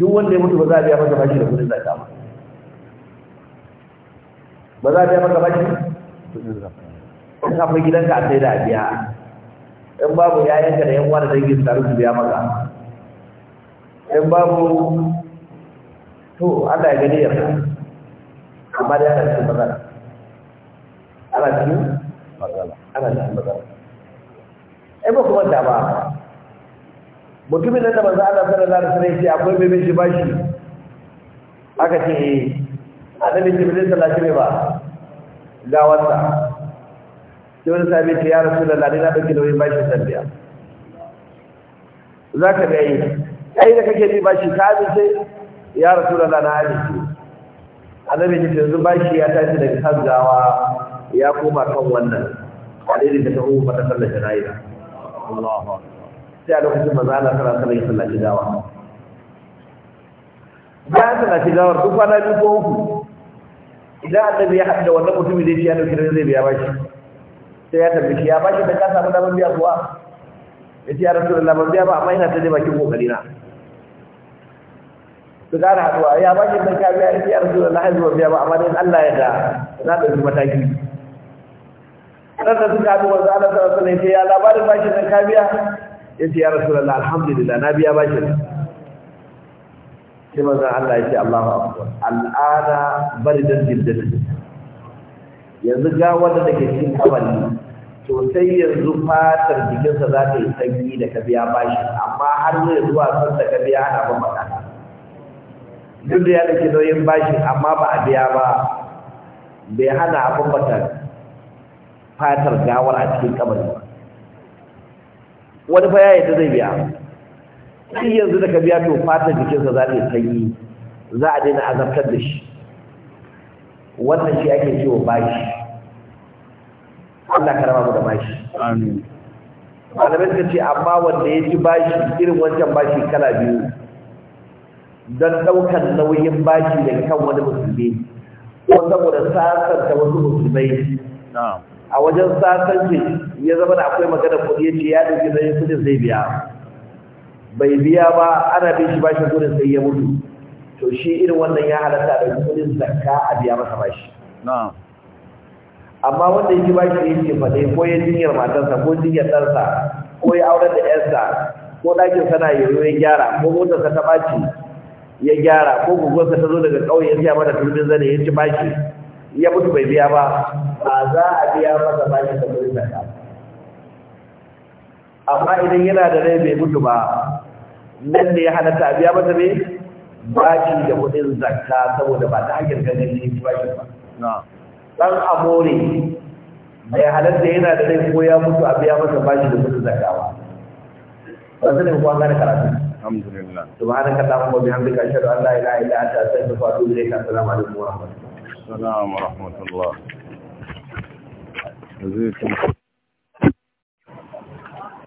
duk wanda ya mutu ba za a biya masa bashi da kudin zakka ba ba za a biya maka bashi in akwai gidanka a sai da biya in babu yayanka da yan uwa da dangin taru su biya maka in babu to Allah ya gani yarda amma da yana cikin matsala ana cikin matsala ana cikin matsala ai eh, ba kuma da ba mutumin da manzo Allah sallallahu alaihi wasallam ya ce akwai mai bin shi bashi aka ce eh, annabi jibril sallallahu alaihi wasallam ba gawarsa sai wani sami ta yara rasu da lalai na ɗauki nauyin ta biya, za ka ga yi ai da kake ji bashi ta amince ya rasu da lalai na amince annabi ta yanzu bashi ya tashi daga kan gawa ya koma kan wannan alili da ta hu mata sallar jana'iza sai a lokacin maza ana sana sallar sallar gawa bayan sallar gawar duk kwana biyu ko uku idan annabi ya haɗu da wannan mutumin da ya dauki zai biya ba shi, sai ya tabbaci ya ba shi da ka ba damar biya kuwa ya ce ya rasu da lamar biya ba amma ina ta ne bakin kokari na su gane haɗuwa ya shi da ka biya ya ce ya rasu da lahar zuwa biya ba amma dai Allah ya da na ɗauki mataki sannan suka haɗu wanzu ana sarrafa ya ce ya labarin shi da ka biya ya ce ya rasu da alhamdulillah na biya ba shi. sai mazan Allah ya ce Allahu akbar bari baridan jiddatu yanzu ga wanda take cikin kabari to sai yanzu fatar jikinsa za ta yi sanyi da ka biya bashi amma har zai zuwa san da ka biya ana ban makana duk da ya dake nauyin bashi amma ba a biya ba bai hana a bambata fatar gawar a cikin kabari ba wani fa ya yadda zai biya sai yanzu da ka biya to fatan jikinsa za ta sanyi za a daina azabtar da shi wannan shi ake cewa bashi Allah karama mu da bashi amin malamai suka ce amma wanda ya ci bashi irin wancan bashi kala biyu don ɗaukar nauyin bashi daga kan wani musulmi ko saboda sasanta wasu musulmai a wajen sasance ya zama da akwai magana kuɗi ya ce ya ɗauki zai kudin zai biya bai biya ba ana bin shi bashin gurin sai ya mutu to shi irin wannan ya halatta da kudin zakka a biya masa bashi amma wanda yake bashi yake fadai ko ya jinyar matarsa ko jinyar ɗansa ko ya aurar da ƴarsa ko ɗakin sana yoyo ya gyara ko motarsa ta ɓaci ya gyara ko gugunsa ta zo daga ƙauye ya siya mata turbin zane ya ci bashi ya mutu bai biya ba ba za a biya masa bashi da kudin zakka amma idan yana da rai bai mutu ba nan da ya hana ta biya mata ne baki da kudin zakka saboda ba ta hakin ganin ne ba ba dan amore mai halatta yana da rai ko ya mutu a biya masa bashi da kudin zakka ba ba su ne ko an gane karatu alhamdulillah subhanaka allahumma bihamdika ashhadu an la ilaha illa anta astaghfiruka wa atubu ilayka assalamu alaikum wa rahmatullahi wa barakatuh assalamu alaikum wa rahmatullahi wa barakatuh